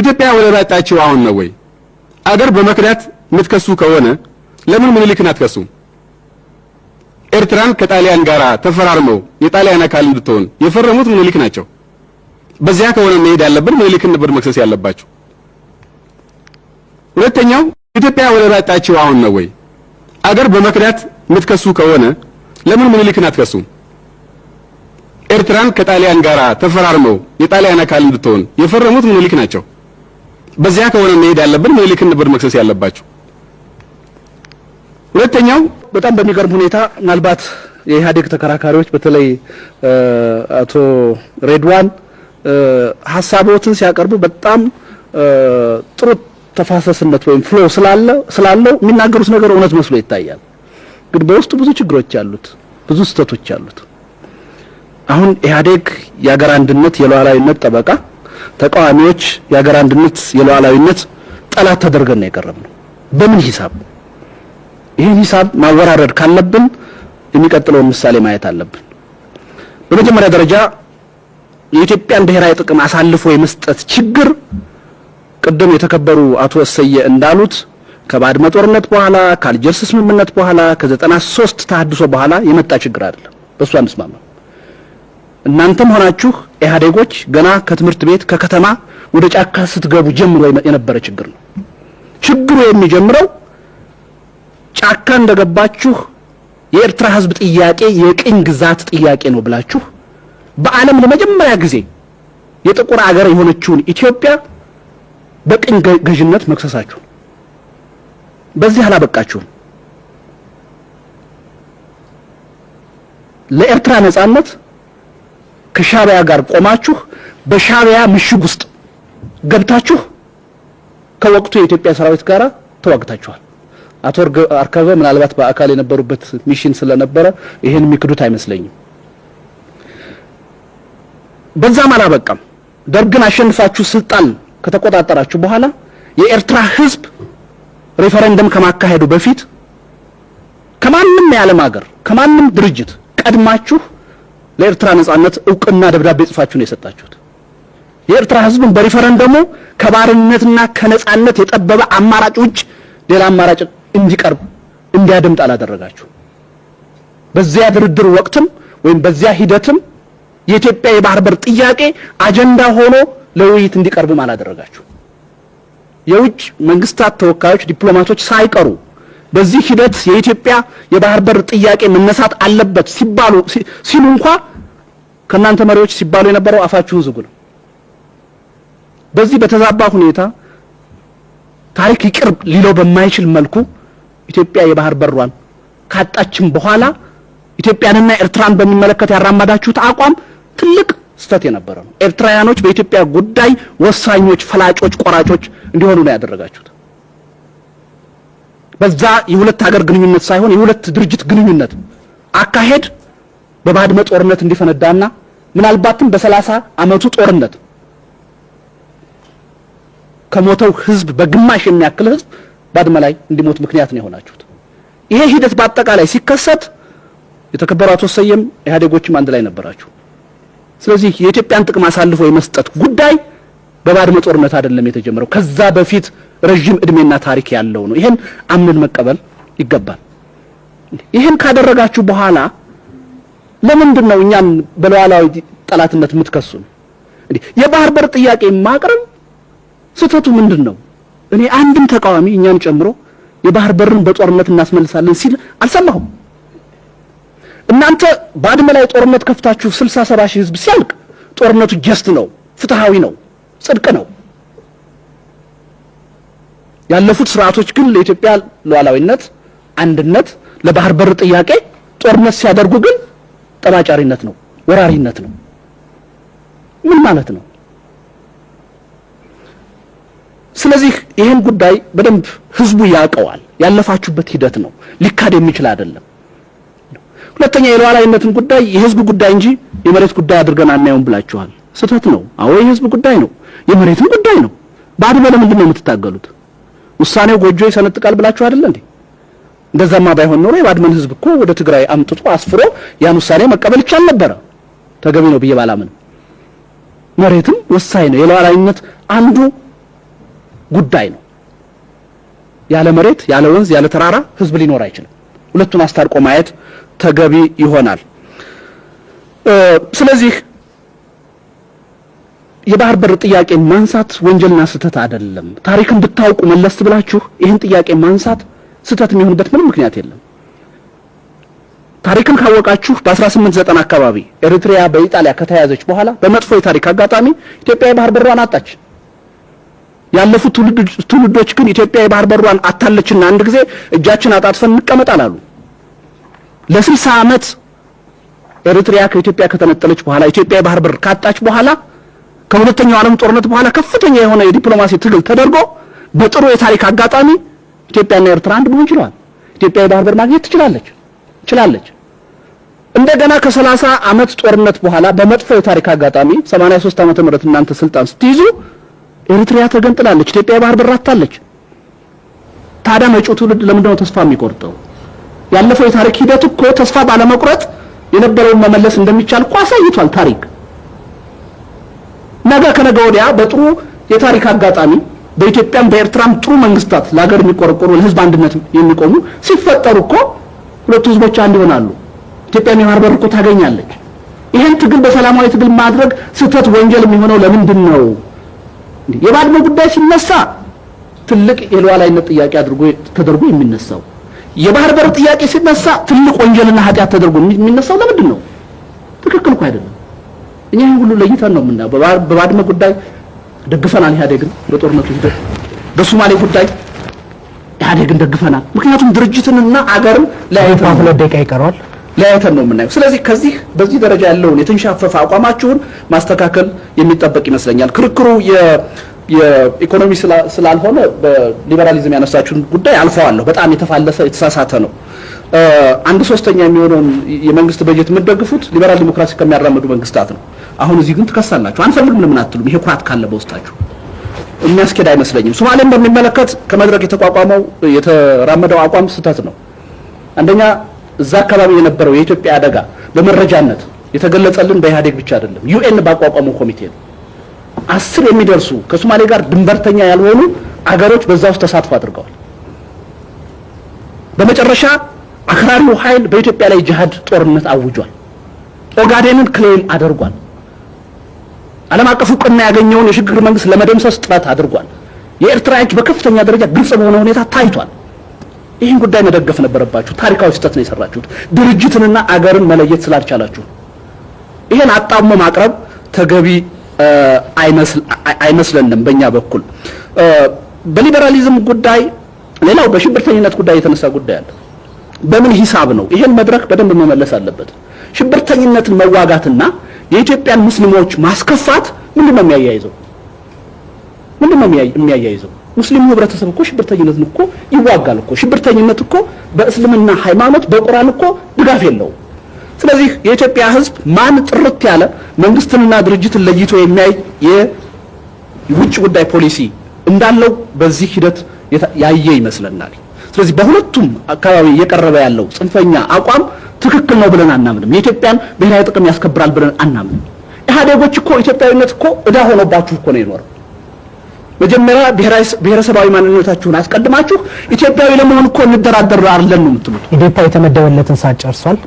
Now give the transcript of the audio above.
ኢትዮጵያ ወደ ያጣችው አሁን ነው ወይ? አገር በመክዳት የምትከሱ ከሆነ ለምን ምኒልክን አትከሱም? ኤርትራን ከጣሊያን ጋር ተፈራርመው የጣሊያን አካል እንድትሆን የፈረሙት ምኒልክ ናቸው። በዚያ ከሆነ መሄድ ያለብን ምኒልክን ነበር መክሰስ ያለባቸው። ሁለተኛው ኢትዮጵያ ወደ ያጣችው አሁን ነው ወይ? አገር በመክዳት የምትከሱ ከሆነ ለምን ምኒልክን አትከሱም? ኤርትራን ከጣሊያን ጋር ተፈራርመው የጣሊያን አካል እንድትሆን የፈረሙት ምኒልክ ናቸው። በዚያ ከሆነ መሄድ ያለብን ምኒልክን ነበር መክሰስ ያለባቸው። ሁለተኛው በጣም በሚገርም ሁኔታ ምናልባት የኢህአዴግ ተከራካሪዎች በተለይ አቶ ሬድዋን ሀሳቦትን ሲያቀርቡ በጣም ጥሩ ተፋሰስነት ወይም ፍሎ ስላለው የሚናገሩት ነገር እውነት መስሎ ይታያል። ግን በውስጡ ብዙ ችግሮች አሉት፣ ብዙ ስህተቶች አሉት። አሁን ኢህአዴግ የሀገር አንድነት የሉዓላዊነት ጠበቃ ተቃዋሚዎች የሀገር አንድነት የሉዓላዊነት ጠላት ተደርገን ነው የቀረብነው። በምን ሂሳብ? ይህን ሂሳብ ማወራረድ ካለብን የሚቀጥለውን ምሳሌ ማየት አለብን። በመጀመሪያ ደረጃ የኢትዮጵያን ብሔራዊ ጥቅም አሳልፎ የመስጠት ችግር ቅድም የተከበሩ አቶ እሰየ እንዳሉት ከባድመ ጦርነት በኋላ ከአልጀርስ ስምምነት በኋላ ከዘጠና 93 ተሃድሶ በኋላ የመጣ ችግር አይደለም። በእሱ አንስማማ። እናንተም ሆናችሁ ኢህአዴጎች ገና ከትምህርት ቤት ከከተማ ወደ ጫካ ስትገቡ ጀምሮ የነበረ ችግር ነው። ችግሩ የሚጀምረው ጫካ እንደገባችሁ የኤርትራ ህዝብ ጥያቄ የቅኝ ግዛት ጥያቄ ነው ብላችሁ በዓለም ለመጀመሪያ ጊዜ የጥቁር አገር የሆነችውን ኢትዮጵያ በቅኝ ገዥነት መክሰሳችሁ። በዚህ አላበቃችሁም። ለኤርትራ ነጻነት ከሻቢያ ጋር ቆማችሁ በሻቢያ ምሽግ ውስጥ ገብታችሁ ከወቅቱ የኢትዮጵያ ሰራዊት ጋር ተዋግታችኋል። አቶ አርከበ ምናልባት በአካል የነበሩበት ሚሽን ስለነበረ ይሄን የሚክዱት አይመስለኝም። በዛም አላበቃም። ደርግን አሸንፋችሁ ስልጣን ከተቆጣጠራችሁ በኋላ የኤርትራ ሕዝብ ሬፈረንደም ከማካሄዱ በፊት ከማንም የዓለም ሀገር ከማንም ድርጅት ቀድማችሁ ለኤርትራ ነጻነት እውቅና ደብዳቤ ጽፋችሁ ነው የሰጣችሁት። የኤርትራ ሕዝብን በሪፈረንደሙ ከባርነትና ከነጻነት የጠበበ አማራጭ ውጭ ሌላ አማራጭ እንዲቀርብ እንዲያደምጥ አላደረጋችሁ። በዚያ ድርድር ወቅትም ወይም በዚያ ሂደትም የኢትዮጵያ የባህር በር ጥያቄ አጀንዳ ሆኖ ለውይይት እንዲቀርብም አላደረጋችሁ። የውጭ መንግስታት ተወካዮች ዲፕሎማቶች ሳይቀሩ በዚህ ሂደት የኢትዮጵያ የባህር በር ጥያቄ መነሳት አለበት ሲባሉ ሲሉ እንኳ ከእናንተ መሪዎች ሲባሉ የነበረው አፋችሁን ዝጉ ነው። በዚህ በተዛባ ሁኔታ ታሪክ ይቅርብ ሊለው በማይችል መልኩ ኢትዮጵያ የባህር በሯን ካጣችም በኋላ ኢትዮጵያንና ኤርትራን በሚመለከት ያራመዳችሁት አቋም ትልቅ ስህተት የነበረ ነው። ኤርትራውያኖች በኢትዮጵያ ጉዳይ ወሳኞች፣ ፈላጮች፣ ቆራጮች እንዲሆኑ ነው ያደረጋችሁት። በዛ የሁለት ሀገር ግንኙነት ሳይሆን የሁለት ድርጅት ግንኙነት አካሄድ በባድመ ጦርነት እንዲፈነዳና ምናልባትም በሰላሳ አመቱ ጦርነት ከሞተው ህዝብ በግማሽ የሚያክል ህዝብ ባድመ ላይ እንዲሞት ምክንያት ነው የሆናችሁት። ይሄ ሂደት በአጠቃላይ ሲከሰት የተከበሩ አቶ ሰየም ኢህአዴጎችም አንድ ላይ ነበራችሁ። ስለዚህ የኢትዮጵያን ጥቅም አሳልፎ የመስጠት ጉዳይ በባድመ ጦርነት አይደለም የተጀመረው፣ ከዛ በፊት ረዥም እድሜና ታሪክ ያለው ነው። ይሄን አምነን መቀበል ይገባል። ይሄን ካደረጋችሁ በኋላ ለምንድን ነው እኛን በሉዓላዊ ጠላትነት የምትከሱን? እንዴ የባህር በር ጥያቄ ማቅረብ ስህተቱ ምንድን ነው? እኔ አንድም ተቃዋሚ እኛን ጨምሮ የባህር በርን በጦርነት እናስመልሳለን ሲል አልሰማሁም። እናንተ ባድመ ላይ ጦርነት ከፍታችሁ 67 ሺህ ህዝብ ሲያልቅ ጦርነቱ ጀስት ነው፣ ፍትሃዊ ነው ጽድቅ ነው። ያለፉት ስርዓቶች ግን ለኢትዮጵያ ሉዓላዊነት፣ አንድነት፣ ለባህር በር ጥያቄ ጦርነት ሲያደርጉ ግን ጠባጫሪነት ነው፣ ወራሪነት ነው። ምን ማለት ነው? ስለዚህ ይህን ጉዳይ በደንብ ህዝቡ ያውቀዋል። ያለፋችሁበት ሂደት ነው፣ ሊካድ የሚችል አይደለም። ሁለተኛ የሉዓላዊነትን ጉዳይ የህዝብ ጉዳይ እንጂ የመሬት ጉዳይ አድርገን አናየውም ብላችኋል። ስህተት ነው። አዎ የህዝብ ጉዳይ ነው፣ የመሬትም ጉዳይ ነው። ባድመ ለምንድን ነው የምትታገሉት? ውሳኔው ጎጆ ይሰነጥቃል ብላችሁ አይደለ እንዴ? እንደዛማ ባይሆን ኖሮ የባድመን ህዝብ እኮ ወደ ትግራይ አምጥቶ አስፍሮ ያን ውሳኔ መቀበል ይቻል ነበረ። ተገቢ ነው ብዬ ባላምን፣ መሬትም ወሳኝ ነው፣ የሉዓላዊነት አንዱ ጉዳይ ነው። ያለ መሬት፣ ያለ ወንዝ፣ ያለ ተራራ ህዝብ ሊኖር አይችልም። ሁለቱን አስታርቆ ማየት ተገቢ ይሆናል። ስለዚህ የባህር በር ጥያቄ ማንሳት ወንጀልና ስህተት አይደለም። ታሪክን ብታውቁ መለስ ብላችሁ ይህን ጥያቄ ማንሳት ስህተት የሚሆንበት ምንም ምክንያት የለም። ታሪክን ካወቃችሁ በ1890 አካባቢ ኤሪትሪያ በኢጣሊያ ከተያዘች በኋላ በመጥፎ የታሪክ አጋጣሚ ኢትዮጵያ የባህር በሯን አጣች። ያለፉት ትውልዶች ግን ኢትዮጵያ የባህር በሯን አታለችና አንድ ጊዜ እጃችን አጣጥፈን እንቀመጥ አሉ ለ ለ60 ዓመት ኤሪትሪያ ከኢትዮጵያ ከተነጠለች በኋላ ኢትዮጵያ የባህር በር ካጣች በኋላ ከሁለተኛው ዓለም ጦርነት በኋላ ከፍተኛ የሆነ የዲፕሎማሲ ትግል ተደርጎ በጥሩ የታሪክ አጋጣሚ ኢትዮጵያና ኤርትራ አንድ መሆን ችለዋል። ኢትዮጵያ የባህር በር ማግኘት ትችላለች ችላለች። እንደገና ከ30 ዓመት ጦርነት በኋላ በመጥፎ የታሪክ አጋጣሚ 83 ዓመተ ምህረት እናንተ ስልጣን ስትይዙ ኤርትሪያ ተገንጥላለች፣ ኢትዮጵያ የባህር በር አታለች። ታዲያ መጪው ትውልድ ለምንድን ነው ተስፋ የሚቆርጠው? ያለፈው የታሪክ ሂደት እኮ ተስፋ ባለመቁረጥ የነበረውን መመለስ እንደሚቻል እኮ አሳይቷል ታሪክ። ነገ ከነገ ወዲያ በጥሩ የታሪክ አጋጣሚ በኢትዮጵያም በኤርትራም ጥሩ መንግስታት ለሀገር የሚቆረቆሩ ለህዝብ አንድነት የሚቆሙ ሲፈጠሩ እኮ ሁለቱ ህዝቦች አንድ ይሆናሉ። ኢትዮጵያም የባህር በር እኮ ታገኛለች። ይህን ትግል በሰላማዊ ትግል ማድረግ ስህተት፣ ወንጀል የሚሆነው ለምንድን ነው? የባድመ ጉዳይ ሲነሳ ትልቅ የሉዓላዊነት ጥያቄ አድርጎ ተደርጎ የሚነሳው የባህር በር ጥያቄ ሲነሳ ትልቅ ወንጀልና ኃጢአት ተደርጎ የሚነሳው ለምንድን ነው? ትክክል እኮ አይደለም። እኛ ይህን ሁሉ ለይተን ነው የምናየው። በባድመ ጉዳይ ደግፈናል ኢህአዴግን፣ በጦርነቱ ሂደት በሶማሌ ጉዳይ ኢህአዴግን ደግፈናል። ምክንያቱም ድርጅትንና አገርን ለያይተን ሁለት ደቂቃ ይቀረዋል ለያይተን ነው የምናየው። ስለዚህ ከዚህ በዚህ ደረጃ ያለውን የተንሻፈፈ አቋማችሁን ማስተካከል የሚጠበቅ ይመስለኛል። ክርክሩ የኢኮኖሚ ስላልሆነ በሊበራሊዝም ያነሳችሁን ጉዳይ አልፈዋለሁ። በጣም የተፋለሰ የተሳሳተ ነው። አንድ ሶስተኛ የሚሆነውን የመንግስት በጀት የምደግፉት ሊበራል ዲሞክራሲ ከሚያራምዱ መንግስታት ነው። አሁን እዚህ ግን ትከሳላችሁ። አንፈልም ምንም አትሉም። ይሄ ኩራት ካለ በውስጣችሁ የሚያስኬድ አይመስለኝም። ሶማሌን በሚመለከት ከመድረክ የተቋቋመው የተራመደው አቋም ስህተት ነው። አንደኛ እዛ አካባቢ የነበረው የኢትዮጵያ አደጋ በመረጃነት የተገለጸልን በኢህአዴግ ብቻ አይደለም፣ ዩኤን ባቋቋመው ኮሚቴ ነው። አስር የሚደርሱ ከሶማሌ ጋር ድንበርተኛ ያልሆኑ አገሮች በዛ ውስጥ ተሳትፎ አድርገዋል። በመጨረሻ አክራሪው ኃይል በኢትዮጵያ ላይ ጅሃድ ጦርነት አውጇል። ኦጋዴንን ክሌም አድርጓል። ዓለም አቀፍ እውቅና ያገኘውን የሽግግር መንግስት ለመደምሰስ ጥረት አድርጓል። የኤርትራ እጅ በከፍተኛ ደረጃ ግልጽ በሆነ ሁኔታ ታይቷል። ይህን ጉዳይ መደገፍ ነበረባችሁ። ታሪካዊ ስህተት ነው የሰራችሁት። ድርጅትንና አገርን መለየት ስላልቻላችሁ ይሄን አጣሞ ማቅረብ ተገቢ አይመስለንም በእኛ በኩል። በሊበራሊዝም ጉዳይ ሌላው በሽብርተኝነት ጉዳይ የተነሳ ጉዳይ አለ። በምን ሂሳብ ነው ይሄን መድረክ በደንብ መመለስ አለበት። ሽብርተኝነትን መዋጋትና የኢትዮጵያን ሙስሊሞች ማስከፋት ምንድን ነው የሚያያይዘው? ምንድን ነው የሚያያይዘው? ሙስሊሙ ህብረተሰብ እኮ ሽብርተኝነትን እኮ ይዋጋል እኮ። ሽብርተኝነት እኮ በእስልምና ሃይማኖት በቁርአን እኮ ድጋፍ የለውም። ስለዚህ የኢትዮጵያ ሕዝብ ማን ጥርት ያለ መንግስትንና ድርጅትን ለይቶ የሚያይ የውጭ ጉዳይ ፖሊሲ እንዳለው በዚህ ሂደት ያየ ይመስለናል። ስለዚህ በሁለቱም አካባቢ እየቀረበ ያለው ጽንፈኛ አቋም ትክክል ነው ብለን አናምንም። የኢትዮጵያን ብሔራዊ ጥቅም ያስከብራል ብለን አናምንም። ኢህአዴጎች እኮ ኢትዮጵያዊነት እኮ እዳ ሆኖባችሁ እኮ ነው የኖረው። መጀመሪያ ብሔረሰባዊ ማንነታችሁን አስቀድማችሁ ኢትዮጵያዊ ለመሆን እኮ እንደራደር አለን ነው የምትሉት። ኢዴፓ የተመደበለትን ሰዓት ጨርሷል።